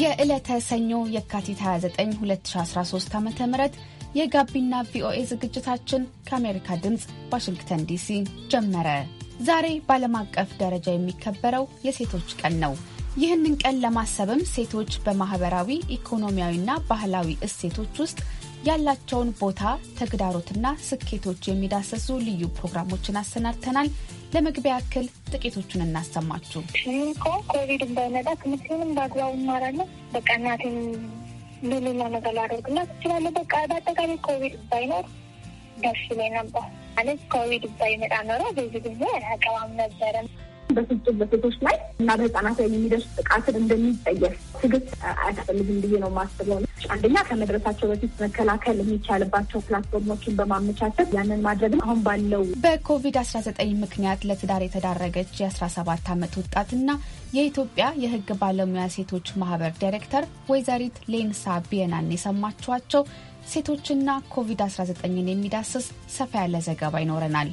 የዕለተ ሰኞ የካቲት 29 2013 ዓ ም የጋቢና ቪኦኤ ዝግጅታችን ከአሜሪካ ድምፅ ዋሽንግተን ዲሲ ጀመረ። ዛሬ በዓለም አቀፍ ደረጃ የሚከበረው የሴቶች ቀን ነው። ይህንን ቀን ለማሰብም ሴቶች በማህበራዊ ኢኮኖሚያዊና ባህላዊ እሴቶች ውስጥ ያላቸውን ቦታ ተግዳሮትና ስኬቶች የሚዳሰሱ ልዩ ፕሮግራሞችን አሰናድተናል። ለመግቢያ ያክል ጥቂቶቹን እናሰማችሁ። እኮ ኮቪድ እንዳይመጣ ትምህርትንም በአግባቡ እማራለሁ። በቃ እናቴን ምንኛ ነገር ላደርግላት እችላለሁ። በቃ በአጠቃላይ ኮቪድ ባይኖር ደስ ይለኝ ነበር ማለት ኮቪድ ባይመጣ ኖሮ በዚህ ጊዜ አያቀባም ነበረም። በፍጹም በሴቶች ላይ እና በህፃናት ላይ የሚደርስ ጥቃትን እንደሚጠየፍ ትግስት አያስፈልግም ብዬ ነው የማስበው። አንደኛ ከመድረሳቸው በፊት መከላከል የሚቻልባቸው ፕላትፎርሞችን በማመቻቸት ያንን ማድረግም አሁን ባለው በኮቪድ አስራ ዘጠኝ ምክንያት ለትዳር የተዳረገች የአስራ ሰባት አመት ወጣትና የኢትዮጵያ የህግ ባለሙያ ሴቶች ማህበር ዳይሬክተር ወይዘሪት ሌንሳ ቢየናን የሰማችኋቸው ሴቶችና ኮቪድ አስራ ዘጠኝን የሚዳስስ ሰፋ ያለ ዘገባ ይኖረናል።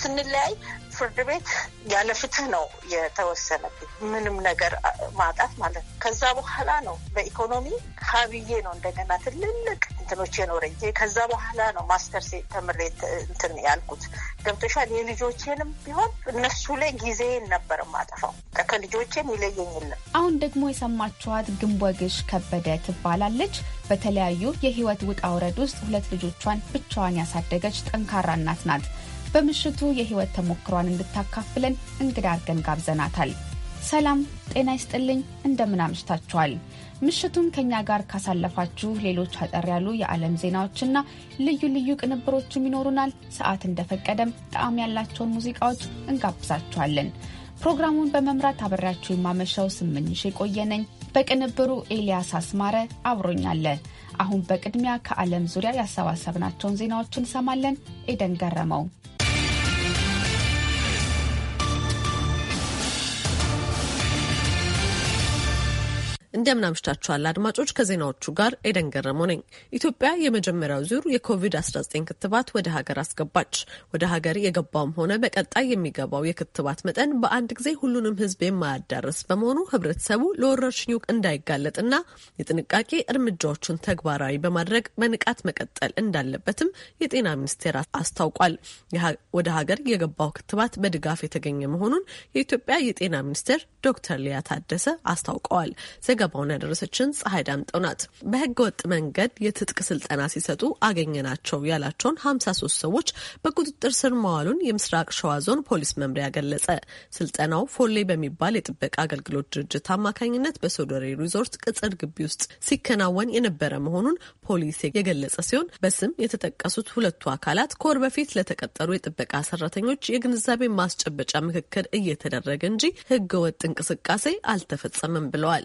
ስንለያይ ፍርድ ቤት ያለ ፍትህ ነው የተወሰነብኝ። ምንም ነገር ማጣት ማለት ነው። ከዛ በኋላ ነው በኢኮኖሚ ሀብዬ ነው እንደገና ትልልቅ እንትኖች የኖረኝ። ከዛ በኋላ ነው ማስተርስ ተምሬ እንትን ያልኩት። ገብቶሻል። የልጆቼንም ቢሆን እነሱ ላይ ጊዜን ነበር ማጠፋው። ከልጆቼም ይለየኝ የለም። አሁን ደግሞ የሰማችኋት ግንቦግሽ ከበደ ትባላለች። በተለያዩ የህይወት ውጣ ውረድ ውስጥ ሁለት ልጆቿን ብቻዋን ያሳደገች ጠንካራ እናት ናት። በምሽቱ የህይወት ተሞክሯን እንድታካፍለን እንግዳ አድርገን ጋብዘናታል። ሰላም ጤና ይስጥልኝ፣ እንደምን አምሽታችኋል? ምሽቱን ከእኛ ጋር ካሳለፋችሁ ሌሎች አጠር ያሉ የዓለም ዜናዎችና ልዩ ልዩ ቅንብሮችም ይኖሩናል። ሰዓት እንደፈቀደም ጣዕም ያላቸውን ሙዚቃዎች እንጋብዛችኋለን። ፕሮግራሙን በመምራት አብሬያችሁ የማመሻው ስምኝሽ የቆየነኝ፣ በቅንብሩ ኤልያስ አስማረ አብሮኛለ። አሁን በቅድሚያ ከዓለም ዙሪያ ያሰባሰብናቸውን ዜናዎችን እንሰማለን። ኤደን ገረመው እንደምን አምሽታችኋል አድማጮች። ከዜናዎቹ ጋር ኤደን ገረሙ ነኝ። ኢትዮጵያ የመጀመሪያው ዙር የኮቪድ-19 ክትባት ወደ ሀገር አስገባች። ወደ ሀገር የገባውም ሆነ በቀጣይ የሚገባው የክትባት መጠን በአንድ ጊዜ ሁሉንም ሕዝብ የማያዳርስ በመሆኑ ሕብረተሰቡ ለወረርሽኙ እንዳይጋለጥና የጥንቃቄ እርምጃዎቹን ተግባራዊ በማድረግ በንቃት መቀጠል እንዳለበትም የጤና ሚኒስቴር አስታውቋል። ወደ ሀገር የገባው ክትባት በድጋፍ የተገኘ መሆኑን የኢትዮጵያ የጤና ሚኒስቴር ዶክተር ሊያ ታደሰ አስታውቀዋል። ዘገባውን ያደረሰችን ፀሐይ ዳምጠው ናት። በህገ ወጥ መንገድ የትጥቅ ስልጠና ሲሰጡ አገኘናቸው ያላቸውን ሀምሳ ሶስት ሰዎች በቁጥጥር ስር መዋሉን የምስራቅ ሸዋ ዞን ፖሊስ መምሪያ ገለጸ። ስልጠናው ፎሌ በሚባል የጥበቃ አገልግሎት ድርጅት አማካኝነት በሶዶሬ ሪዞርት ቅጽር ግቢ ውስጥ ሲከናወን የነበረ መሆኑን ፖሊስ የገለጸ ሲሆን በስም የተጠቀሱት ሁለቱ አካላት ከወር በፊት ለተቀጠሩ የጥበቃ ሰራተኞች የግንዛቤ ማስጨበጫ ምክክር እየተደረገ እንጂ ህገ ወጥ እንቅስቃሴ አልተፈጸመም ብለዋል።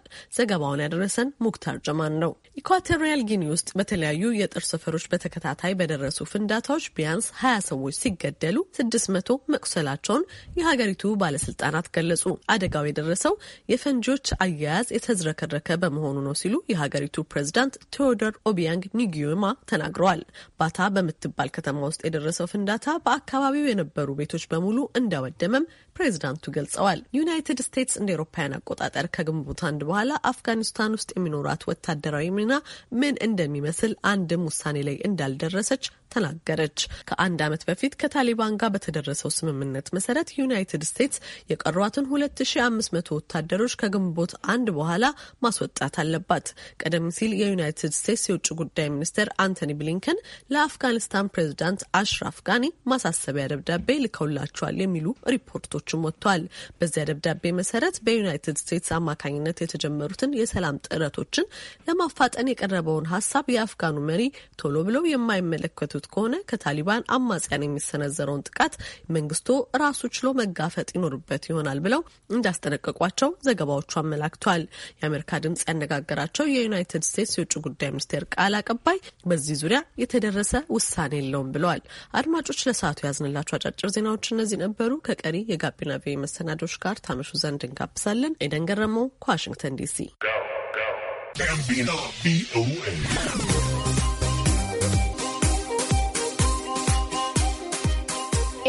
ዘገባውን ያደረሰን ሙክታር ጀማን ነው። ኢኳቶሪያል ጊኒ ውስጥ በተለያዩ የጦር ሰፈሮች በተከታታይ በደረሱ ፍንዳታዎች ቢያንስ 20 ሰዎች ሲገደሉ ስድስት መቶ መቁሰላቸውን የሀገሪቱ ባለስልጣናት ገለጹ። አደጋው የደረሰው የፈንጂዎች አያያዝ የተዝረከረከ በመሆኑ ነው ሲሉ የሀገሪቱ ፕሬዚዳንት ቴዎዶር ኦቢያንግ ኒጊዮማ ተናግረዋል። ባታ በምትባል ከተማ ውስጥ የደረሰው ፍንዳታ በአካባቢው የነበሩ ቤቶች በሙሉ እንዳወደመም ፕሬዚዳንቱ ገልጸዋል። ዩናይትድ ስቴትስ እንደ ኤሮፓውያን አቆጣጠር ከግንቦት አንድ በኋላ አፍጋኒስታን ውስጥ የሚኖራት ወታደራዊ ሚና ምን እንደሚመስል አንድም ውሳኔ ላይ እንዳልደረሰች ተናገረች። ከአንድ ዓመት በፊት ከታሊባን ጋር በተደረሰው ስምምነት መሰረት ዩናይትድ ስቴትስ የቀሯትን 2500 ወታደሮች ከግንቦት አንድ በኋላ ማስወጣት አለባት። ቀደም ሲል የዩናይትድ ስቴትስ የውጭ ጉዳይ ሚኒስትር አንቶኒ ብሊንከን ለአፍጋኒስታን ፕሬዚዳንት አሽራፍ ጋኒ ማሳሰቢያ ደብዳቤ ልከውላቸዋል የሚሉ ሪፖርቶችም ወጥተዋል። በዚያ ደብዳቤ መሰረት በዩናይትድ ስቴትስ አማካኝነት የተጀመሩትን የሰላም ጥረቶችን ለማፋጠን የቀረበውን ሀሳብ የአፍጋኑ መሪ ቶሎ ብለው የማይመለከቱ እንደሚገልጹት ከሆነ ከታሊባን አማጽያን የሚሰነዘረውን ጥቃት መንግስቱ ራሱ ችሎ መጋፈጥ ይኖርበት ይሆናል ብለው እንዳስጠነቀቋቸው ዘገባዎቹ አመላክተዋል። የአሜሪካ ድምጽ ያነጋገራቸው የዩናይትድ ስቴትስ የውጭ ጉዳይ ሚኒስቴር ቃል አቀባይ በዚህ ዙሪያ የተደረሰ ውሳኔ የለውም ብለዋል። አድማጮች ለሰዓቱ ያዝንላቸው አጫጭር ዜናዎች እነዚህ ነበሩ። ከቀሪ የጋቢና ቪ መሰናዶች ጋር ታመሹ ዘንድ እንጋብዛለን። ኤደን ገረመው ከዋሽንግተን ዲሲ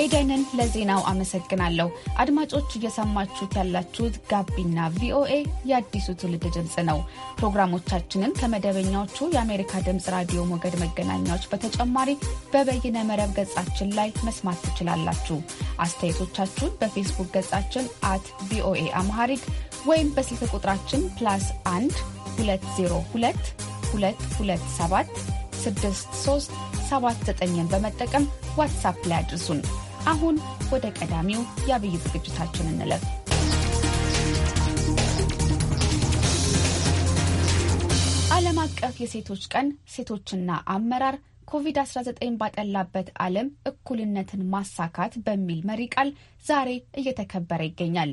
ኤደንን ለዜናው አመሰግናለሁ። አድማጮች እየሰማችሁት ያላችሁት ጋቢና ቪኦኤ የአዲሱ ትውልድ ድምፅ ነው። ፕሮግራሞቻችንን ከመደበኛዎቹ የአሜሪካ ድምፅ ራዲዮ ሞገድ መገናኛዎች በተጨማሪ በበይነ መረብ ገጻችን ላይ መስማት ትችላላችሁ። አስተያየቶቻችሁን በፌስቡክ ገጻችን አት ቪኦኤ አምሃሪክ ወይም በስልክ ቁጥራችን ፕላስ 1 202 227 6379 በመጠቀም ዋትሳፕ ላይ አድርሱን። አሁን ወደ ቀዳሚው የአብይ ዝግጅታችን እንለፍ። ዓለም አቀፍ የሴቶች ቀን ሴቶችና አመራር ኮቪድ-19 ባጠላበት ዓለም እኩልነትን ማሳካት በሚል መሪ ቃል ዛሬ እየተከበረ ይገኛል።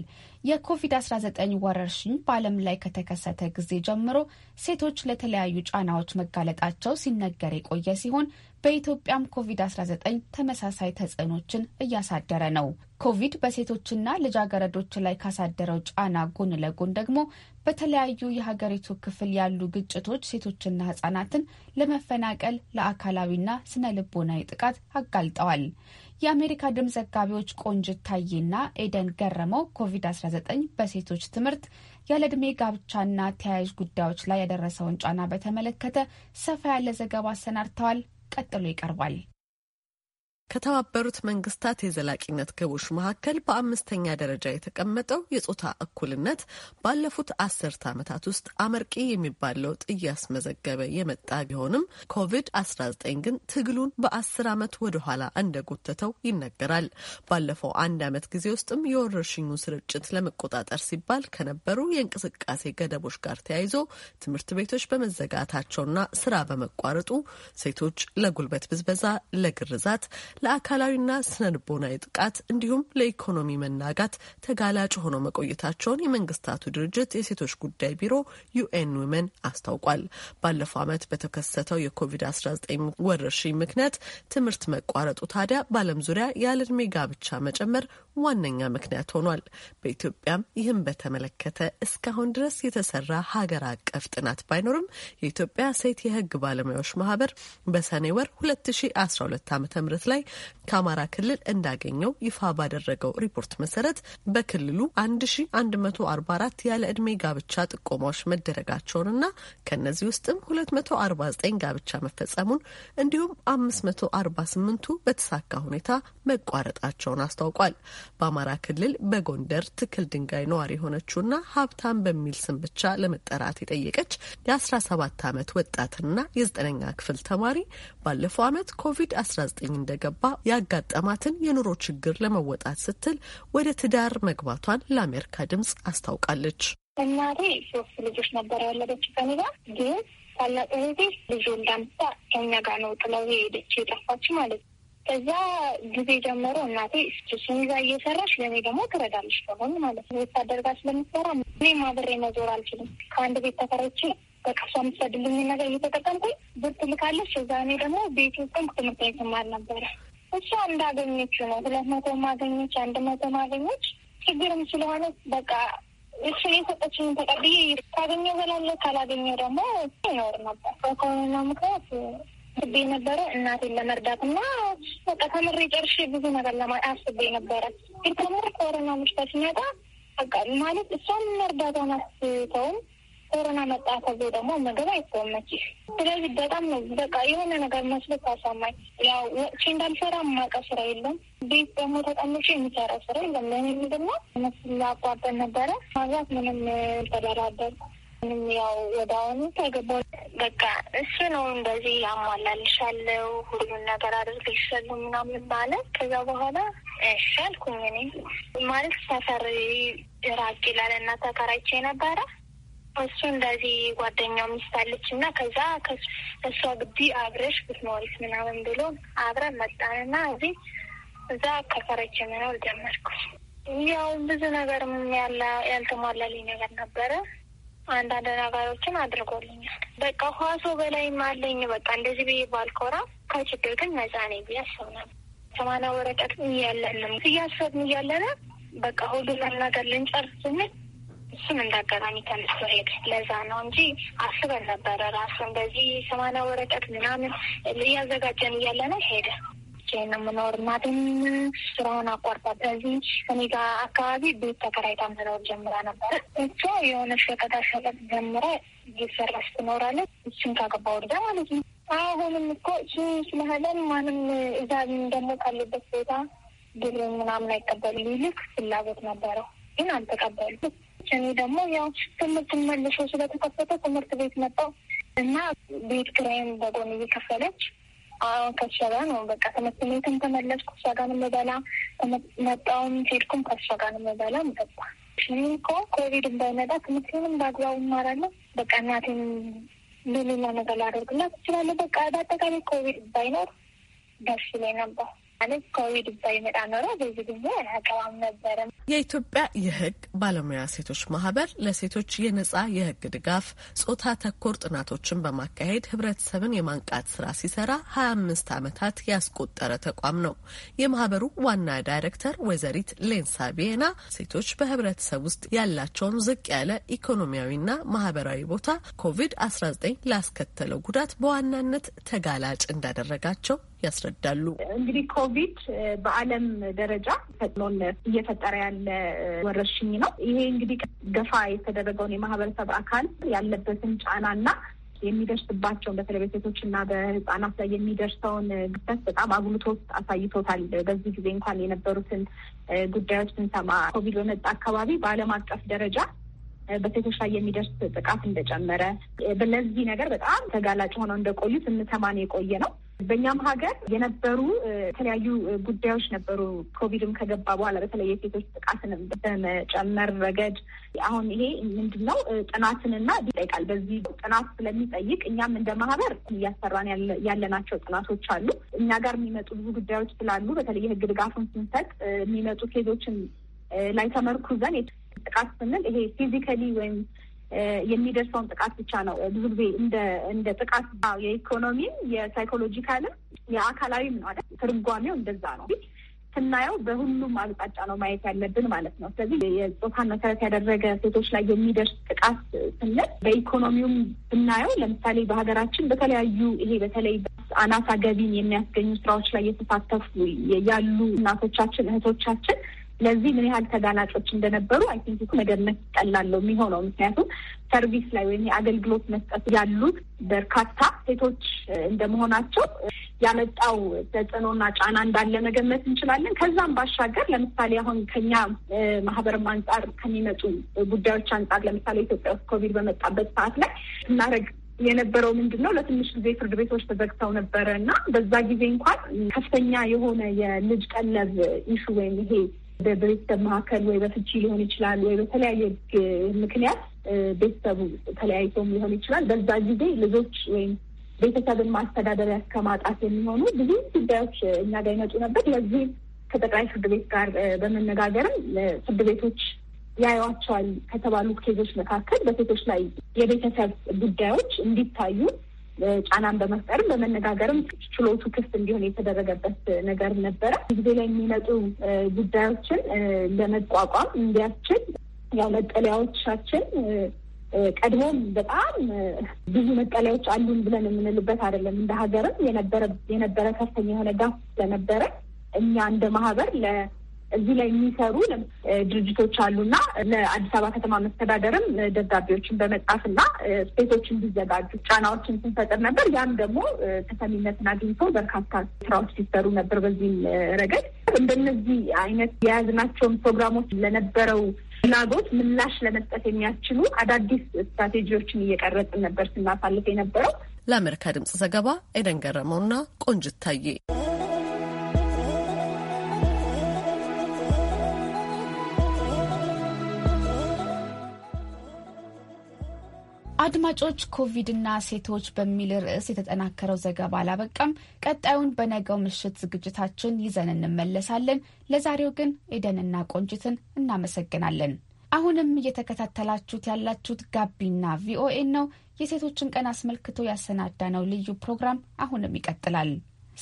የኮቪድ-19 ወረርሽኝ በዓለም ላይ ከተከሰተ ጊዜ ጀምሮ ሴቶች ለተለያዩ ጫናዎች መጋለጣቸው ሲነገር የቆየ ሲሆን በኢትዮጵያም ኮቪድ-19 ተመሳሳይ ተጽዕኖችን እያሳደረ ነው። ኮቪድ በሴቶችና ልጃገረዶች ላይ ካሳደረው ጫና ጎን ለጎን ደግሞ በተለያዩ የሀገሪቱ ክፍል ያሉ ግጭቶች ሴቶችና ህጻናትን ለመፈናቀል ለአካላዊና ስነ ልቦናዊ ጥቃት አጋልጠዋል። የአሜሪካ ድምፅ ዘጋቢዎች ቆንጅት ታዬና ኤደን ገረመው ኮቪድ-19 በሴቶች ትምህርት፣ ያለዕድሜ ጋብቻና ተያያዥ ጉዳዮች ላይ ያደረሰውን ጫና በተመለከተ ሰፋ ያለ ዘገባ አሰናድተዋል። ቀጥሎ ይቀርባል። ከተባበሩት መንግስታት የዘላቂነት ግቦች መካከል በአምስተኛ ደረጃ የተቀመጠው የጾታ እኩልነት ባለፉት አስርት ዓመታት ውስጥ አመርቂ የሚባል ለውጥ እያስመዘገበ የመጣ ቢሆንም ኮቪድ-19 ግን ትግሉን በአስር ዓመት ወደኋላ እንደጎተተው ይነገራል። ባለፈው አንድ ዓመት ጊዜ ውስጥም የወረርሽኙ ስርጭት ለመቆጣጠር ሲባል ከነበሩ የእንቅስቃሴ ገደቦች ጋር ተያይዞ ትምህርት ቤቶች በመዘጋታቸውና ስራ በመቋረጡ ሴቶች ለጉልበት ብዝበዛ፣ ለግርዛት ለአካላዊና ስነ ልቦናዊ ጥቃት እንዲሁም ለኢኮኖሚ መናጋት ተጋላጭ ሆነው መቆየታቸውን የመንግስታቱ ድርጅት የሴቶች ጉዳይ ቢሮ ዩኤን ዊመን አስታውቋል። ባለፈው ዓመት በተከሰተው የኮቪድ-19 ወረርሽኝ ምክንያት ትምህርት መቋረጡ ታዲያ በዓለም ዙሪያ ያለ ጋብቻ መጨመር ዋነኛ ምክንያት ሆኗል። በኢትዮጵያም ይህን በተመለከተ እስካሁን ድረስ የተሰራ ሀገር አቀፍ ጥናት ባይኖርም የኢትዮጵያ ሴት የህግ ባለሙያዎች ማህበር በሰኔ ወር 2012 ዓ ም ላይ ከአማራ ክልል እንዳገኘው ይፋ ባደረገው ሪፖርት መሰረት በክልሉ 1144 ያለ ዕድሜ ጋብቻ ጥቆማዎች መደረጋቸውንና ከእነዚህ ውስጥም 249 ጋብቻ መፈጸሙን እንዲሁም 548ቱ በተሳካ ሁኔታ መቋረጣቸውን አስታውቋል። በአማራ ክልል በጎንደር ትክል ድንጋይ ነዋሪ የሆነችውና ሀብታም በሚል ስም ብቻ ለመጠራት የጠየቀች የ17 ዓመት ወጣትና የ9ኛ ክፍል ተማሪ ባለፈው ዓመት ኮቪድ-19 እንደገባ ስትጋባ ያጋጠማትን የኑሮ ችግር ለመወጣት ስትል ወደ ትዳር መግባቷን ለአሜሪካ ድምጽ አስታውቃለች። እናቴ ሶስት ልጆች ነበር ያለበች። ከኔ ግን ታላቅ እህቴ ልጁ እንዳምጣ ከኛ ጋር ነው ጥለው ሄደች የጠፋች ማለት ነው። ከዛ ጊዜ ጀምሮ እናቴ እሱን ይዛ እየሰራች ለእኔ ደግሞ ትረዳለች ከሆን ማለት ነው። ወታደር ጋር ስለምትሰራ እኔ ማብሬ መዞር አልችልም። ከአንድ ቤት ተፈረች በቀሷ እሷ የምትሰድልኝ ነገር እየተጠቀምኩኝ ብር ትልካለች። እዛ እኔ ደግሞ ቤት ውስጥም ትምህርት ቤት እማር ነበረ እሷ እንዳገኘችው ነው። ሁለት መቶ ማገኘች፣ አንድ መቶ ማገኘች ችግርም ስለሆነ በቃ እሱ የሰጠችኝን ተቀብዬ ካገኘው በላለ ካላገኘው ደግሞ ይኖር ነበር። በኮሮና ምክንያት ስቤ ነበረ እናቴን ለመርዳት እና በቃ ተምሬ ጨርሼ ብዙ ነገር ለማ- አስቤ ነበረ። ግን ተምር ኮሮና ምሽታ ሲመጣ በቃ ማለት እሷን መርዳቷን አስተውም ኮሮና መጣ ተብሎ ደግሞ ምግብ አይቆመች። ስለዚህ በጣም በቃ የሆነ ነገር መስሎ ታሳማኝ። ያው ወጥቼ እንዳልሰራ ማቀ ስራ የለም። ቤት ደግሞ ተጠምቼ የሚሰራ ስራ የለም። ለእኔም ደግሞ መስላ አቋርጠን ነበረ ማዛት ምንም ተደራደር ምንም ያው ወደ አሁኑ ተገባ። በቃ እሱ ነው እንደዚህ አሟላልሻለሁ ሁሉን ነገር አድርግ አድርግልሻለሁ ምናምን ማለት። ከዛ በኋላ እሺ አልኩኝ። እኔ ማለት ሰፈር ራቅ ይላል እና ተከራይቼ ነበረ እሱ እንደዚህ ጓደኛው ሚስት አለች እና ከዛ እሷ ግቢ አብረሽ ብትኖሪት ምናምን ብሎ አብረን መጣን መጣንና እዚህ እዛ ከፈረች መኖር ጀመርኩ። ያው ብዙ ነገር ያለ ያልተሟላልኝ ነገር ነበረ። አንዳንድ ነገሮችን አድርጎልኛል። በቃ ኋሶ በላይ አለኝ። በቃ እንደዚህ ብዬ ባልኮራ ከችግር ግን ነጻ ነኝ ብዬ አሰብናል። ሰማና ወረቀት እያለንም እያሰብን እያለነ በቃ ሁሉ ነገር ልንጨርስ ስንል እሱም እንዳጋጣሚ ተነስቶ ሄደ። ለዛ ነው እንጂ አስበን ነበረ ራሱ እንደዚህ ሰማና ወረቀት ምናምን እያዘጋጀን እያለ ነው ሄደ። ብቻዬን ነው የምኖር። እናቴም ስራውን አቋርጣ በዚህ እኔ ጋር አካባቢ ቤት ተከራይታ መኖር ጀምራ ነበር። እሷ የሆነ ሸቀጣ ሸቀጥ ጀምረ እየሰራች ትኖራለች። እሱን ካገባ ወርዳ ማለት ነው። አሁንም እኮ እሱ ስለህለን ማንም እዛ ደግሞ ካለበት ቦታ ግብር ምናምን አይቀበሉ። ይልክ ፍላጎት ነበረው ግን አልተቀበሉ እኔ ደግሞ ያው ትምህርት መልሶ ስለተከፈተ ትምህርት ቤት መጣው እና ቤት ክራይም በጎን እየከፈለች አሁን ከሷ ጋር ነው በቃ ትምህርት ቤትም ተመለስኩ፣ ከሷ ጋር ነው የምበላ፣ መጣውም ሄድኩም ከሷ ጋር ነው የምበላ ምጠጣ። ይህም እኮ ኮቪድ እንዳይመጣ ትምህርትንም በአግባቡ እማራለሁ። በቃ እናቴም ሌላ ነገር ላደርግላት እችላለሁ። በቃ በአጠቃላይ ኮቪድ ባይኖር ደስ ይለኝ ነበር። ማለት ኮቪድ ባይመጣ ኖሮ በዚህ ጊዜ አቀባም ነበረም። የኢትዮጵያ የህግ ባለሙያ ሴቶች ማህበር ለሴቶች የነጻ የህግ ድጋፍ ጾታ ተኮር ጥናቶችን በማካሄድ ህብረተሰብን የማንቃት ስራ ሲሰራ ሀያ አምስት ዓመታት ያስቆጠረ ተቋም ነው። የማህበሩ ዋና ዳይሬክተር ወይዘሪት ሌንሳ ቢና ሴቶች በህብረተሰብ ውስጥ ያላቸውን ዝቅ ያለ ኢኮኖሚያዊና ማህበራዊ ቦታ ኮቪድ አስራ ዘጠኝ ላስከተለው ጉዳት በዋናነት ተጋላጭ እንዳደረጋቸው ያስረዳሉ። እንግዲህ ኮቪድ በዓለም ደረጃ ተጥሎን እየፈጠረ ያለ ወረርሽኝ ነው። ይሄ እንግዲህ ገፋ የተደረገውን የማህበረሰብ አካል ያለበትን ጫናና የሚደርስባቸውን በተለይ በሴቶችና በህጻናት ላይ የሚደርሰውን ግበት በጣም አጉልቶት አሳይቶታል። በዚህ ጊዜ እንኳን የነበሩትን ጉዳዮች ስንሰማ ኮቪድ በመጣ አካባቢ በዓለም አቀፍ ደረጃ በሴቶች ላይ የሚደርስ ጥቃት እንደጨመረ፣ ለዚህ ነገር በጣም ተጋላጭ ሆነው እንደቆዩ ስንሰማን የቆየ ነው። በእኛም ሀገር የነበሩ የተለያዩ ጉዳዮች ነበሩ። ኮቪድም ከገባ በኋላ በተለይ የሴቶች ጥቃትን በመጨመር ረገድ አሁን ይሄ ምንድን ነው ጥናትንና ይጠይቃል። በዚህ ጥናት ስለሚጠይቅ እኛም እንደ ማህበር እያሰራን ያለናቸው ጥናቶች አሉ። እኛ ጋር የሚመጡ ብዙ ጉዳዮች ስላሉ በተለይ የህግ ድጋፉን ስንሰጥ የሚመጡ ኬዞችን ላይ ተመርኩዘን ጥቃት ስንል ይሄ ፊዚካሊ ወይም የሚደርሰውን ጥቃት ብቻ ነው ብዙ ጊዜ እንደ እንደ ጥቃት የኢኮኖሚም የሳይኮሎጂካልም የአካላዊም ነው አይደል? ትርጓሜው እንደዛ ነው ስናየው በሁሉም አቅጣጫ ነው ማየት ያለብን ማለት ነው። ስለዚህ የጾታን መሰረት ያደረገ ሴቶች ላይ የሚደርስ ጥቃት ስንል በኢኮኖሚውም ስናየው ለምሳሌ በሀገራችን በተለያዩ ይሄ በተለይ አናሳ ገቢን የሚያስገኙ ስራዎች ላይ የተሳተፉ ያሉ እናቶቻችን እህቶቻችን ለዚህ ምን ያህል ተጋላጮች እንደነበሩ አይ ቲንክ መገመት የሚሆነው። ምክንያቱም ሰርቪስ ላይ ወይም የአገልግሎት መስጠት ያሉት በርካታ ሴቶች እንደመሆናቸው ያመጣው ተጽዕኖና ጫና እንዳለ መገመት እንችላለን። ከዛም ባሻገር ለምሳሌ አሁን ከኛ ማህበርም አንጻር ከሚመጡ ጉዳዮች አንጻር ለምሳሌ ኢትዮጵያ ውስጥ ኮቪድ በመጣበት ሰዓት ላይ እናደርግ የነበረው ምንድን ነው? ለትንሽ ጊዜ ፍርድ ቤቶች ተዘግተው ነበረ እና በዛ ጊዜ እንኳን ከፍተኛ የሆነ የልጅ ቀለብ ኢሹ ወይም ይሄ በቤተሰብ መካከል ወይ በፍቺ ሊሆን ይችላል ወይ በተለያየ ምክንያት ቤተሰቡ ተለያይቶም ሊሆን ይችላል። በዛ ጊዜ ልጆች ወይም ቤተሰብን ማስተዳደሪያ እስከማጣት የሚሆኑ ብዙ ጉዳዮች እኛ ጋር ይመጡ ነበር። ለዚህ ከጠቅላይ ፍርድ ቤት ጋር በመነጋገርም ፍርድ ቤቶች ያዩዋቸዋል ከተባሉ ኬዞች መካከል በሴቶች ላይ የቤተሰብ ጉዳዮች እንዲታዩ ጫናን በመፍጠርም በመነጋገርም ችሎቱ ክፍት እንዲሆን የተደረገበት ነገር ነበረ። ጊዜ ላይ የሚመጡ ጉዳዮችን ለመቋቋም እንዲያስችል ያው መጠለያዎቻችን ቀድሞም በጣም ብዙ መጠለያዎች አሉን ብለን የምንልበት አይደለም። እንደ ሀገርም የነበረ ከፍተኛ የሆነ ጋፍ ስለነበረ እኛ እንደ ማህበር እዚህ ላይ የሚሰሩ ድርጅቶች አሉና ለአዲስ አበባ ከተማ መስተዳደርም ደብዳቤዎችን በመጻፍና ስፔሶች እንዲዘጋጁ ጫናዎችን ስንፈጥር ነበር። ያም ደግሞ ተሰሚነትን አግኝቶ በርካታ ስራዎች ሲሰሩ ነበር። በዚህም ረገድ እንደነዚህ አይነት የያዝናቸውን ፕሮግራሞች ለነበረው ፍላጎት ምላሽ ለመስጠት የሚያስችሉ አዳዲስ ስትራቴጂዎችን እየቀረጽን ነበር ስናሳልፍ የነበረው። ለአሜሪካ ድምጽ ዘገባ ኤደን ገረመውና ቆንጅት ታዬ አድማጮች፣ ኮቪድና ሴቶች በሚል ርዕስ የተጠናከረው ዘገባ አላበቃም። ቀጣዩን በነገው ምሽት ዝግጅታችን ይዘን እንመለሳለን። ለዛሬው ግን ኤደንና ቆንጅትን እናመሰግናለን። አሁንም እየተከታተላችሁት ያላችሁት ጋቢና ቪኦኤን ነው። የሴቶችን ቀን አስመልክቶ ያሰናዳነው ልዩ ፕሮግራም አሁንም ይቀጥላል።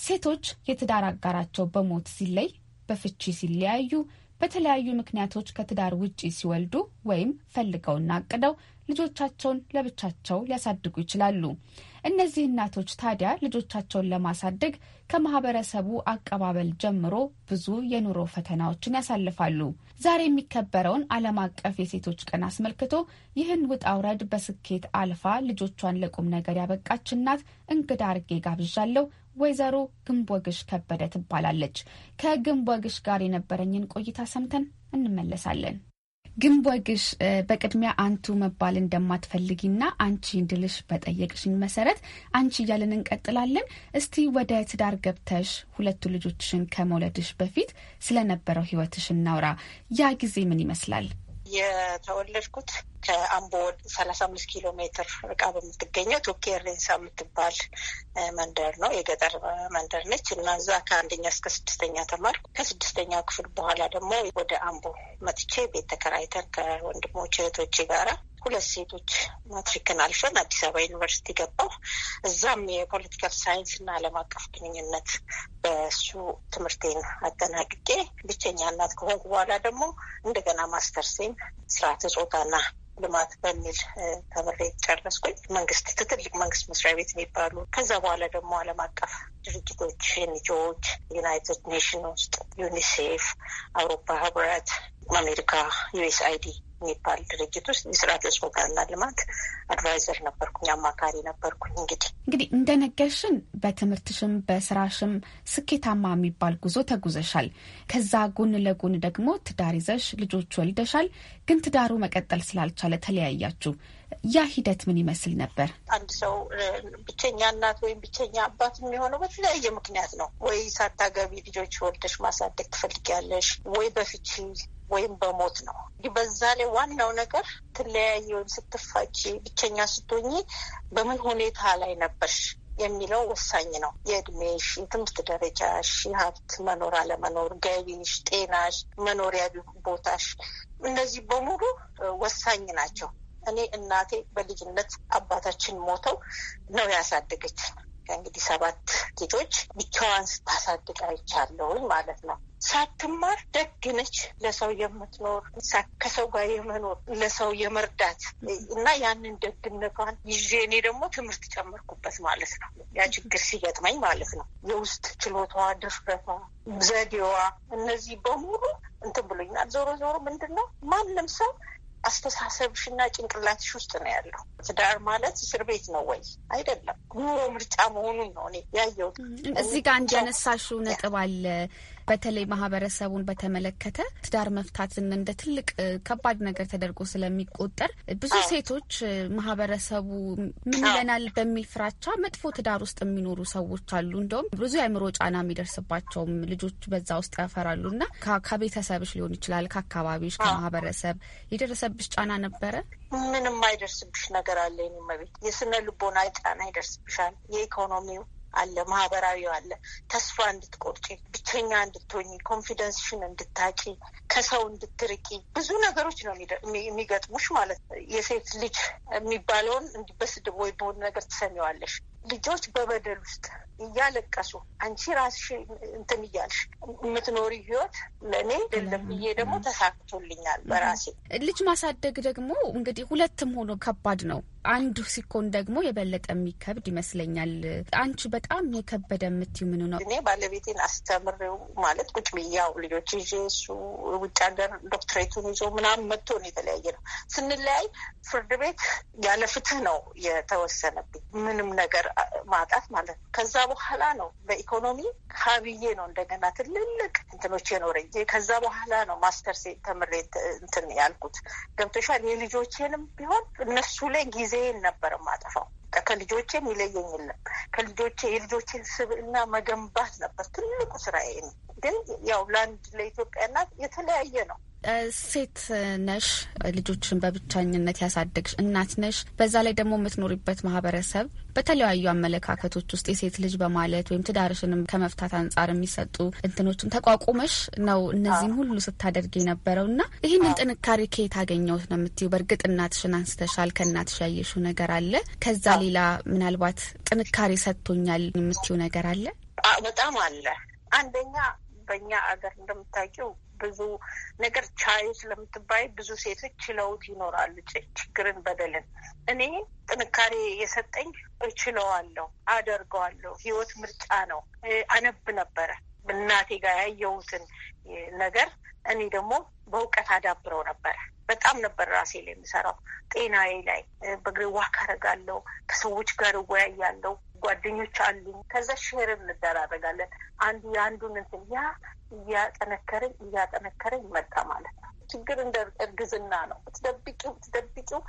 ሴቶች የትዳር አጋራቸው በሞት ሲለይ፣ በፍቺ ሲለያዩ በተለያዩ ምክንያቶች ከትዳር ውጪ ሲወልዱ ወይም ፈልገውና አቅደው ልጆቻቸውን ለብቻቸው ሊያሳድጉ ይችላሉ። እነዚህ እናቶች ታዲያ ልጆቻቸውን ለማሳደግ ከማህበረሰቡ አቀባበል ጀምሮ ብዙ የኑሮ ፈተናዎችን ያሳልፋሉ። ዛሬ የሚከበረውን ዓለም አቀፍ የሴቶች ቀን አስመልክቶ ይህን ውጣ ውረድ በስኬት አልፋ ልጆቿን ለቁም ነገር ያበቃች እናት እንግዳ አርጌ ጋብዣለሁ። ወይዘሮ ግንቦግሽ ከበደ ትባላለች። ከግንቦግሽ ጋር የነበረኝን ቆይታ ሰምተን እንመለሳለን። ግንቦግሽ በቅድሚያ አንቱ መባል እንደማትፈልጊና አንቺ እንድልሽ በጠየቅሽኝ መሰረት አንቺ እያለን እንቀጥላለን። እስቲ ወደ ትዳር ገብተሽ ሁለቱ ልጆችሽን ከመውለድሽ በፊት ስለነበረው ህይወትሽ እናውራ። ያ ጊዜ ምን ይመስላል? የተወለድኩት ከአምቦ ሰላሳ አምስት ኪሎ ሜትር ርቃ በምትገኘው ሬንሳ የምትባል መንደር ነው። የገጠር መንደር ነች እና እዛ ከአንደኛ እስከ ስድስተኛ ተማርኩ። ከስድስተኛ ክፍል በኋላ ደግሞ ወደ አምቦ መጥቼ ቤት ተከራይተን ከወንድሞች እህቶቼ ጋራ ሁለት ሴቶች ማትሪክን አልፈን አዲስ አበባ ዩኒቨርሲቲ ገባሁ። እዛም የፖለቲካል ሳይንስ እና ዓለም አቀፍ ግንኙነት በሱ ትምህርቴን አጠናቅቄ ብቸኛ እናት ከሆንኩ በኋላ ደግሞ እንደገና ማስተርሴን ስርዓተ ጾታና ልማት በሚል ተምሬ ጨረስኩኝ። መንግስት ትልቅ መንግስት መስሪያ ቤት የሚባሉ ከዛ በኋላ ደግሞ ዓለም አቀፍ ድርጅቶች ኤንጂኦዎች፣ ዩናይትድ ኔሽን ውስጥ ዩኒሴፍ፣ አውሮፓ ህብረት አሜሪካ ዩኤስ አይዲ የሚባል ድርጅት ውስጥ የስርዓት ለጾታና ልማት አድቫይዘር ነበርኩኝ፣ አማካሪ ነበርኩኝ። እንግዲህ እንግዲህ እንደነገርሽን በትምህርትሽም በስራሽም ስኬታማ የሚባል ጉዞ ተጉዘሻል። ከዛ ጎን ለጎን ደግሞ ትዳር ይዘሽ ልጆች ወልደሻል። ግን ትዳሩ መቀጠል ስላልቻለ ተለያያችሁ። ያ ሂደት ምን ይመስል ነበር? አንድ ሰው ብቸኛ እናት ወይም ብቸኛ አባት የሚሆነው በተለያየ ምክንያት ነው። ወይ ሳታገቢ ልጆች ወልደሽ ማሳደግ ትፈልጊያለሽ፣ ወይ በፍቺ ወይም በሞት ነው። እንግዲህ በዛ ላይ ዋናው ነገር ትለያየ ወይም ስትፋች፣ ብቸኛ ስትሆኝ በምን ሁኔታ ላይ ነበርሽ የሚለው ወሳኝ ነው። የእድሜሽ፣ የትምህርት ደረጃሽ፣ የሀብት መኖር አለመኖር፣ ገቢሽ፣ ጤናሽ፣ መኖሪያ ቦታሽ እነዚህ በሙሉ ወሳኝ ናቸው። እኔ እናቴ በልጅነት አባታችን ሞተው ነው ያሳደገችን። እንግዲህ ሰባት ልጆች ብቻዋን ስታሳድግ አይቻለሁኝ ማለት ነው። ሳትማር ደግ ነች፣ ለሰው የምትኖር ከሰው ጋር የመኖር ለሰው የመርዳት እና ያንን ደግነቷን ይዤ እኔ ደግሞ ትምህርት ጨመርኩበት ማለት ነው። ያ ችግር ሲገጥመኝ ማለት ነው። የውስጥ ችሎቷ፣ ድፍረቷ፣ ዘዴዋ እነዚህ በሙሉ እንትን ብሎኛል። ዞሮ ዞሮ ምንድን ነው ማንም ሰው አስተሳሰብሽና ጭንቅላትሽ ውስጥ ነው ያለው። ትዳር ማለት እስር ቤት ነው ወይ? አይደለም። ኑሮ ምርጫ መሆኑን ነው እኔ ያየሁት። እዚህ ጋር እንደነሳሽው ነጥብ አለ በተለይ ማህበረሰቡን በተመለከተ ትዳር መፍታትን እንደ ትልቅ ከባድ ነገር ተደርጎ ስለሚቆጠር ብዙ ሴቶች ማህበረሰቡ ምን ይለናል በሚል ፍራቻ መጥፎ ትዳር ውስጥ የሚኖሩ ሰዎች አሉ። እንደውም ብዙ የአእምሮ ጫና የሚደርስባቸውም ልጆች በዛ ውስጥ ያፈራሉ እና ከቤተሰብሽ ሊሆን ይችላል ከአካባቢሽ፣ ከማህበረሰብ የደረሰብሽ ጫና ነበረ? ምንም አይደርስብሽ ነገር አለ። የስነ ልቦና ጫና ይደርስብሻል። የኢኮኖሚው አለ፣ ማህበራዊ አለ። ተስፋ እንድትቆርጪ፣ ብቸኛ እንድትሆኝ፣ ኮንፊደንስሽን እንድታቂ ከሰው እንድትርቂ ብዙ ነገሮች ነው የሚገጥሙሽ ማለት ነው። የሴት ልጅ የሚባለውን እንዲህ በስድብ ወይ በሆነ ነገር ትሰሚዋለሽ። ልጆች በበደል ውስጥ እያለቀሱ አንቺ ራስሽ እንትን እያልሽ የምትኖሪ ህይወት ለእኔ ደለም ብዬ ደግሞ ተሳክቶልኛል በራሴ። ልጅ ማሳደግ ደግሞ እንግዲህ ሁለትም ሆኖ ከባድ ነው። አንዱ ሲኮን ደግሞ የበለጠ የሚከብድ ይመስለኛል። አንቺ በጣም የከበደ የምትይው ምኑ ነው? እኔ ባለቤቴን አስተምሬው ማለት ቁጭ ብያው ልጆች ይዤ እሱ ውጭ ሀገር ዶክትሬቱን ይዞ ምናምን መጥቶን የተለያየ ነው። ስንለያይ ፍርድ ቤት ያለ ፍትህ ነው የተወሰነብኝ ምንም ነገር ማጣት ማለት ነው። ከዛ በኋላ ነው በኢኮኖሚ ሀብዬ ነው እንደገና ትልልቅ እንትኖች የኖረኝ። ከዛ በኋላ ነው ማስተርስ ተምሬ እንትን ያልኩት። ገብቶሻል። የልጆቼንም ቢሆን እነሱ ላይ ጊዜን ነበር ማጠፋው ከልጆቼን ይለየኝ የለም። ከልጆቼ የልጆቼን ስብዕና መገንባት ነበር ትልቁ ስራዬ ነው። ግን ያው ለአንድ ለኢትዮጵያ እናት የተለያየ ነው። ሴት ነሽ፣ ልጆችን በብቻኝነት ያሳደግሽ እናት ነሽ። በዛ ላይ ደግሞ የምትኖሪበት ማህበረሰብ በተለያዩ አመለካከቶች ውስጥ የሴት ልጅ በማለት ወይም ትዳርሽንም ከመፍታት አንጻር የሚሰጡ እንትኖችን ተቋቁመሽ ነው እነዚህን ሁሉ ስታደርግ የነበረው እና ይህንን ጥንካሬ ከየት አገኘሁት ነው የምትይው? በእርግጥ እናትሽን አንስተሻል። ከእናትሽ ያየሽው ነገር አለ። ከዛ ሌላ ምናልባት ጥንካሬ ሰጥቶኛል የምትይው ነገር አለ? በጣም አለ። አንደኛ በእኛ አገር እንደምታውቂው ብዙ ነገር ቻዩ ስለምትባይ ብዙ ሴቶች ችለውት ይኖራሉ ችግርን፣ በደልን። እኔ ጥንካሬ የሰጠኝ እችለዋለሁ፣ አደርገዋለሁ። ህይወት ምርጫ ነው። አነብ ነበረ እናቴ ጋር ያየሁትን ነገር እኔ ደግሞ በእውቀት አዳብረው ነበረ በጣም ነበር ራሴ ላይ የምሰራው ጤናዬ ላይ በእግሬ ዋክ አደርጋለሁ፣ ከሰዎች ጋር እወያያለሁ። ጓደኞች አሉ። ከዛ ሼር እንደራረጋለን። አንዱ የአንዱን እንትን ያ እያጠነከረኝ እያጠነከረኝ መጣ ማለት ነው። ችግር እንደ እርግዝና ነው። ትደብቂው ትደብቂው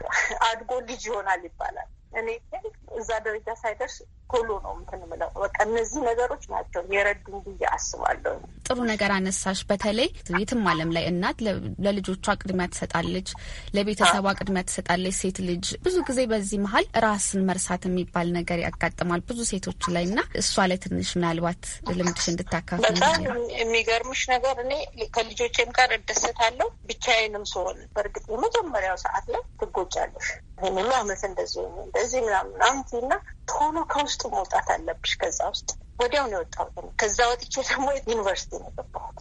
አድጎ ልጅ ይሆናል ይባላል። እኔ ግን እዛ ደረጃ ሳይደርስ ቶሎ ነው እንትን የምለው። በቃ እነዚህ ነገሮች ናቸው የረዱን ብዬ አስባለሁ። ጥሩ ነገር አነሳሽ። በተለይ የትም ዓለም ላይ እናት ለልጆቿ ቅድሚያ ትሰጣለች፣ ለቤተሰቧ ቅድሚያ ትሰጣለች። ሴት ልጅ ብዙ ጊዜ በዚህ መሀል ራስን መርሳት የሚባል ነገር ያጋጥማል ብዙ ሴቶች ላይ እና እሷ ላይ ትንሽ ምናልባት ልምድሽ እንድታካፍ። በጣም የሚገርምሽ ነገር እኔ ከልጆቼም ጋር እደሰታለሁ ብቻዬንም ስሆን። በእርግጥ የመጀመሪያው ሰዓት ላይ ትጎጫለሽ። ይህን ሁሉ አመት እንደዚህ እዚህ ምናምን አንቲ እና ቶሎ ከውስጡ መውጣት አለብሽ። ከዛ ውስጥ ወዲያው ነው የወጣሁት። ከዛ ወጥቼ ደግሞ ዩኒቨርሲቲ ነው ገባሁት።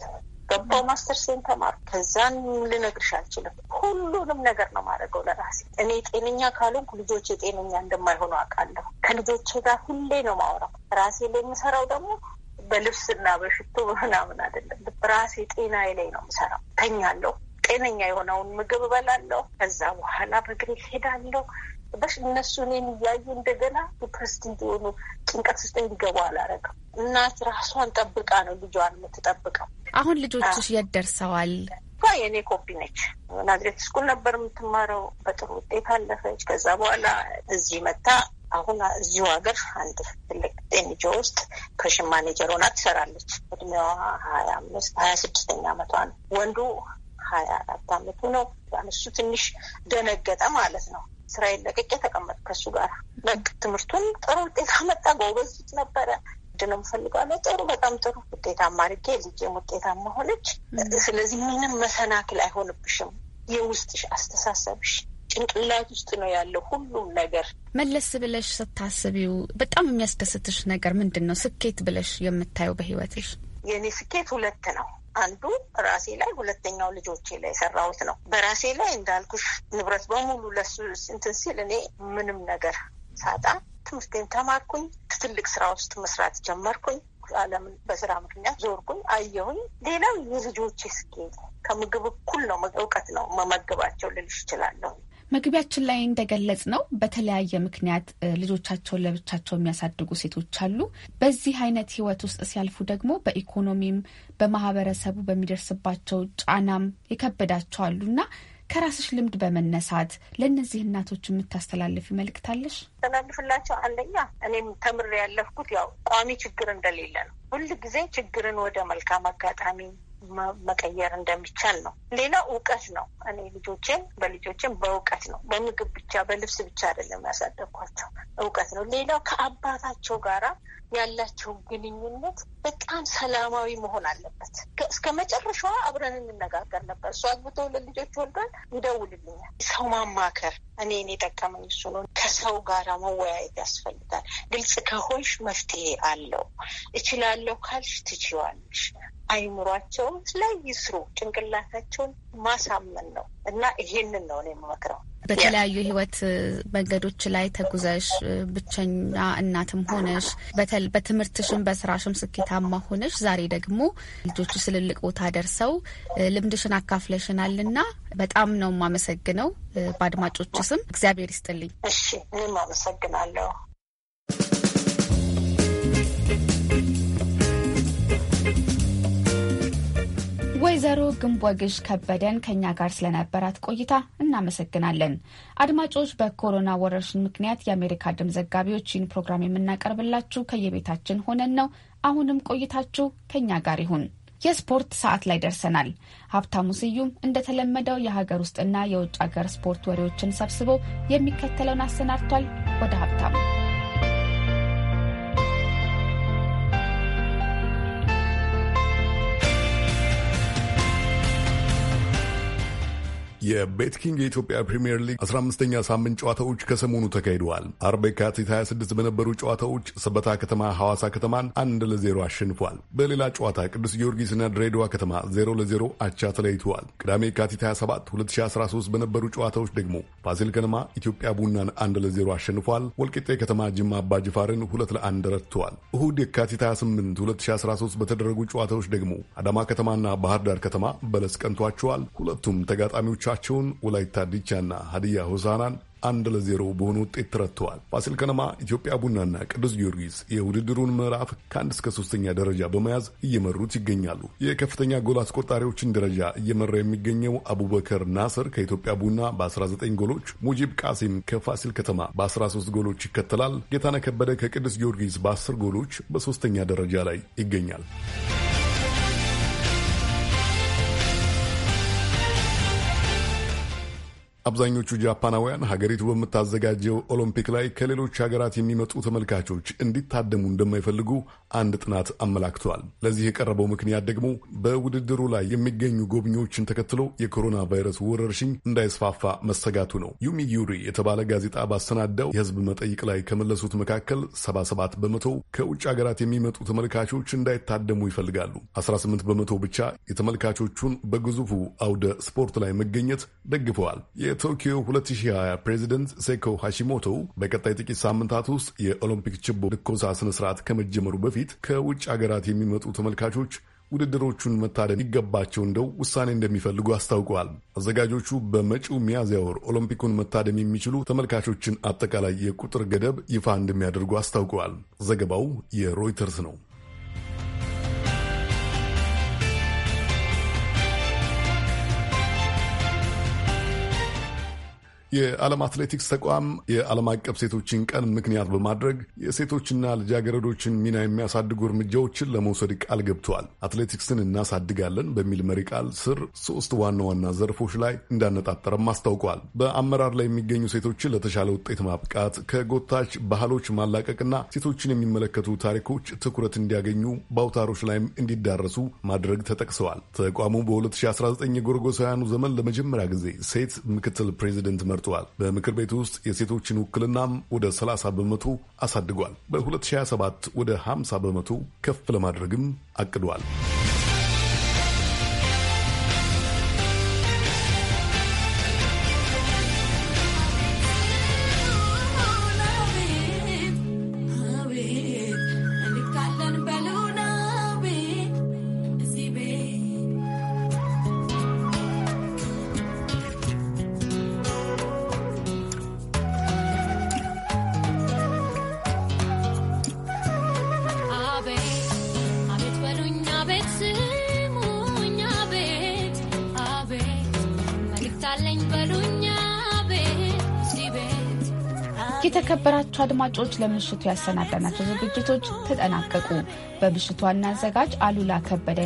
ገባው ማስተርሴን ተማር። ከዛን ልነግርሽ አልችልም። ሁሉንም ነገር ነው ማድረገው ለራሴ። እኔ ጤነኛ ካልሆንኩ ልጆቼ ጤነኛ እንደማይሆኑ አውቃለሁ። ከልጆቼ ጋር ሁሌ ነው ማውራው። ራሴ ላይ የምሰራው ደግሞ በልብስና በሽቶ ምናምን አይደለም። ራሴ ጤና ላይ ነው የምሰራው። ተኛለሁ ጤነኛ የሆነውን ምግብ እበላለሁ። ከዛ በኋላ በእግሬ ሄዳለሁ። በሽ እነሱ እኔን እያዩ እንደገና ዲፕረስድ እንዲሆኑ ጭንቀት ውስጥ እንዲገቡ አላረግም። እናት ራሷን ጠብቃ ነው ልጇን የምትጠብቀው። አሁን ልጆችሽ የት ደርሰዋል? እኮ የእኔ ኮፒ ነች። ናዝሬት ስኩል ነበር የምትማረው። በጥሩ ውጤት አለፈች። ከዛ በኋላ እዚህ መታ። አሁን እዚሁ ሀገር አንድ ትልቅ ጤንጆ ውስጥ ፕሬሽን ማኔጀር ሆና ትሰራለች። እድሜዋ ሀያ አምስት ሀያ ስድስተኛ አመቷ ነው። ወንዱ ሀያ አራት አመቱ ነው። እሱ ትንሽ ደነገጠ ማለት ነው። ስራዬን ለቅቄ ተቀመጥኩ ከሱ ጋር በቅ ትምህርቱን ጥሩ ውጤት አመጣ። ጎበዝ ነበረ። ምንድን ነው የምፈልገው? ጥሩ በጣም ጥሩ ውጤታማ አድርጌ ልጄም ውጤታማ ሆነች። ስለዚህ ምንም መሰናክል አይሆንብሽም። የውስጥሽ አስተሳሰብሽ ጭንቅላት ውስጥ ነው ያለው ሁሉም ነገር። መለስ ብለሽ ስታስቢው በጣም የሚያስደስትሽ ነገር ምንድን ነው? ስኬት ብለሽ የምታየው በህይወትሽ? የእኔ ስኬት ሁለት ነው። አንዱ ራሴ ላይ፣ ሁለተኛው ልጆቼ ላይ የሰራሁት ነው። በራሴ ላይ እንዳልኩሽ ንብረት በሙሉ ለሱ እንትን ሲል እኔ ምንም ነገር ሳጣ ትምህርቴን ተማርኩኝ። ትልቅ ስራ ውስጥ መስራት ጀመርኩኝ። ዓለምን በስራ ምክንያት ዞርኩኝ፣ አየሁኝ። ሌላው የልጆች ስኬት ከምግብ እኩል ነው፣ እውቀት ነው መመግባቸው ልልሽ እችላለሁ። መግቢያችን ላይ እንደገለጽ ነው በተለያየ ምክንያት ልጆቻቸውን ለብቻቸው የሚያሳድጉ ሴቶች አሉ። በዚህ አይነት ህይወት ውስጥ ሲያልፉ ደግሞ በኢኮኖሚም በማህበረሰቡ በሚደርስባቸው ጫናም የከበዳቸው አሉ እና ከራስሽ ልምድ በመነሳት ለእነዚህ እናቶች የምታስተላልፍ ይመልክታለሽ? ተላልፍላቸው። አንደኛ እኔም ተምር ያለፍኩት ያው ቋሚ ችግር እንደሌለ ነው። ሁል ጊዜ ችግርን ወደ መልካም አጋጣሚ መቀየር እንደሚቻል ነው። ሌላ እውቀት ነው። እኔ ልጆችን በልጆችን በእውቀት ነው፣ በምግብ ብቻ በልብስ ብቻ አይደለም ያሳደግኳቸው፣ እውቀት ነው። ሌላው ከአባታቸው ጋራ ያላቸው ግንኙነት በጣም ሰላማዊ መሆን አለበት። እስከ መጨረሻዋ አብረን እንነጋገር ነበር። እሱ አግብቶ ለልጆች ወልዷል፣ ይደውልልኛል። ሰው ማማከር እኔ እኔ ጠቀመኝ እሱ ነው። ከሰው ጋር መወያየት ያስፈልጋል። ግልጽ ከሆንሽ መፍትሄ አለው። እችላለሁ ካልሽ ትችዋለሽ አይምሯቸውን ላይ ይስሩ፣ ጭንቅላታቸውን ማሳመን ነው እና ይሄንን ነው እኔ የምመክረው። በተለያዩ የህይወት መንገዶች ላይ ተጉዘሽ ብቸኛ እናትም ሆነሽ በትምህርትሽም በስራሽም ስኬታማ ሆነሽ ዛሬ ደግሞ ልጆች ስልልቅ ቦታ ደርሰው ልምድሽን አካፍለሽናል እና በጣም ነው የማመሰግነው። በአድማጮች ስም እግዚአብሔር ይስጥልኝ። እሺ፣ እኔም አመሰግናለሁ። ወይዘሮ ግንቦግሽ ከበደን ከእኛ ጋር ስለነበራት ቆይታ እናመሰግናለን። አድማጮች፣ በኮሮና ወረርሽኝ ምክንያት የአሜሪካ ድምፅ ዘጋቢዎች ይህን ፕሮግራም የምናቀርብላችሁ ከየቤታችን ሆነን ነው። አሁንም ቆይታችሁ ከእኛ ጋር ይሁን። የስፖርት ሰዓት ላይ ደርሰናል። ሀብታሙ ስዩም እንደተለመደው የሀገር ውስጥና የውጭ ሀገር ስፖርት ወሬዎችን ሰብስቦ የሚከተለውን አሰናድቷል። ወደ ሀብታሙ የቤት ኪንግ የኢትዮጵያ ፕሪምየር ሊግ 15ኛ ሳምንት ጨዋታዎች ከሰሞኑ ተካሂደዋል። አርብ የካቲት 26 በነበሩ ጨዋታዎች ሰበታ ከተማ ሐዋሳ ከተማን አንድ ለዜሮ አሸንፏል። በሌላ ጨዋታ ቅዱስ ጊዮርጊስና ድሬዳዋ ከተማ 0 ለ0 አቻ ተለይተዋል። ቅዳሜ የካቲት 27 2013 በነበሩ ጨዋታዎች ደግሞ ፋሲል ከነማ ኢትዮጵያ ቡናን አንድ ለዜሮ አሸንፏል። ወልቂጤ ከተማ ጅማ አባጅፋርን ሁለት ለአንድ ረትተዋል። እሁድ የካቲት 28 2013 በተደረጉ ጨዋታዎች ደግሞ አዳማ ከተማና ባህር ዳር ከተማ በለስ ቀንቷቸዋል። ሁለቱም ተጋጣሚዎች ድላቸውን ወላይታ ዲቻና ሀዲያ ሆሳናን አንድ ለዜሮ በሆነ ውጤት ተረትተዋል። ፋሲል ከነማ፣ ኢትዮጵያ ቡናና ቅዱስ ጊዮርጊስ የውድድሩን ምዕራፍ ከአንድ እስከ ሶስተኛ ደረጃ በመያዝ እየመሩት ይገኛሉ። የከፍተኛ ጎል አስቆጣሪዎችን ደረጃ እየመራ የሚገኘው አቡበከር ናስር ከኢትዮጵያ ቡና በ19 ጎሎች፣ ሙጂብ ቃሲም ከፋሲል ከተማ በ13 ጎሎች ይከተላል። ጌታነህ ከበደ ከቅዱስ ጊዮርጊስ በ10 ጎሎች በሶስተኛ ደረጃ ላይ ይገኛል። አብዛኞቹ ጃፓናውያን ሀገሪቱ በምታዘጋጀው ኦሎምፒክ ላይ ከሌሎች ሀገራት የሚመጡ ተመልካቾች እንዲታደሙ እንደማይፈልጉ አንድ ጥናት አመላክቷል። ለዚህ የቀረበው ምክንያት ደግሞ በውድድሩ ላይ የሚገኙ ጎብኚዎችን ተከትሎ የኮሮና ቫይረስ ወረርሽኝ እንዳይስፋፋ መሰጋቱ ነው። ዩሚ ዩሪ የተባለ ጋዜጣ ባሰናዳው የህዝብ መጠይቅ ላይ ከመለሱት መካከል 77 በመቶ ከውጭ ሀገራት የሚመጡ ተመልካቾች እንዳይታደሙ ይፈልጋሉ። 18 በመቶ ብቻ የተመልካቾቹን በግዙፉ አውደ ስፖርት ላይ መገኘት ደግፈዋል። የቶኪዮ 2020 ፕሬዚደንት ሴኮ ሃሺሞቶ በቀጣይ ጥቂት ሳምንታት ውስጥ የኦሎምፒክ ችቦ ልኮሳ ስነ ስርዓት ከመጀመሩ በፊት ከውጭ ሀገራት የሚመጡ ተመልካቾች ውድድሮቹን መታደም ይገባቸው እንደው ውሳኔ እንደሚፈልጉ አስታውቀዋል። አዘጋጆቹ በመጪው ሚያዝያ ወር ኦሎምፒኩን መታደም የሚችሉ ተመልካቾችን አጠቃላይ የቁጥር ገደብ ይፋ እንደሚያደርጉ አስታውቀዋል። ዘገባው የሮይተርስ ነው። የዓለም አትሌቲክስ ተቋም የዓለም አቀፍ ሴቶችን ቀን ምክንያት በማድረግ የሴቶችና ልጃገረዶችን ሚና የሚያሳድጉ እርምጃዎችን ለመውሰድ ቃል ገብተዋል። አትሌቲክስን እናሳድጋለን በሚል መሪ ቃል ስር ሶስት ዋና ዋና ዘርፎች ላይ እንዳነጣጠረም አስታውቋል። በአመራር ላይ የሚገኙ ሴቶችን ለተሻለ ውጤት ማብቃት፣ ከጎታች ባህሎች ማላቀቅና ሴቶችን የሚመለከቱ ታሪኮች ትኩረት እንዲያገኙ በአውታሮች ላይም እንዲዳረሱ ማድረግ ተጠቅሰዋል። ተቋሙ በ2019 የጎረጎሳውያኑ ዘመን ለመጀመሪያ ጊዜ ሴት ምክትል ፕሬዚደንት መርጠዋል። በምክር ቤት ውስጥ የሴቶችን ውክልናም ወደ 30 በመቶ አሳድጓል። በ2027 ወደ 50 በመቶ ከፍ ለማድረግም አቅዷል። የተከበራቸው አድማጮች ለምሽቱ ያሰናዳናቸው ዝግጅቶች ተጠናቀቁ። በምሽቱ ዋና አዘጋጅ አሉላ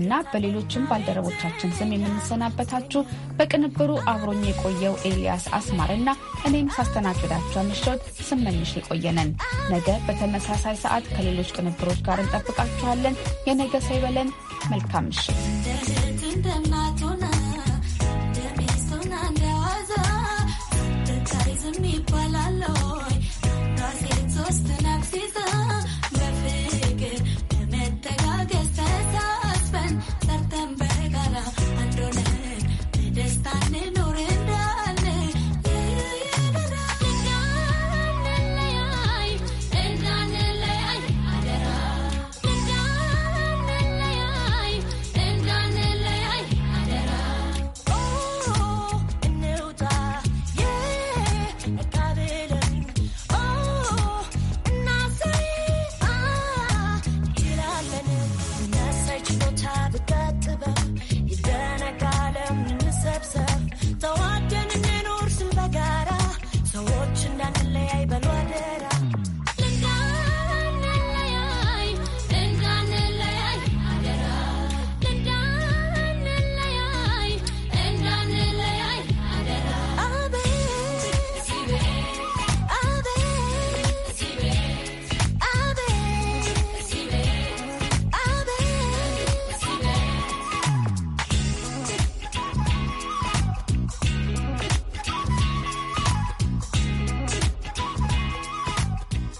እና በሌሎችም ባልደረቦቻችን ስም የምንሰናበታችሁ በቅንብሩ አብሮኝ የቆየው ኤልያስ አስማርና እኔም ሳስተናግዳችሁ አምሽት ስመኝሽ የቆየነን። ነገ በተመሳሳይ ሰዓት ከሌሎች ቅንብሮች ጋር እንጠብቃችኋለን። የነገ ሳይበለን መልካም ምሽት።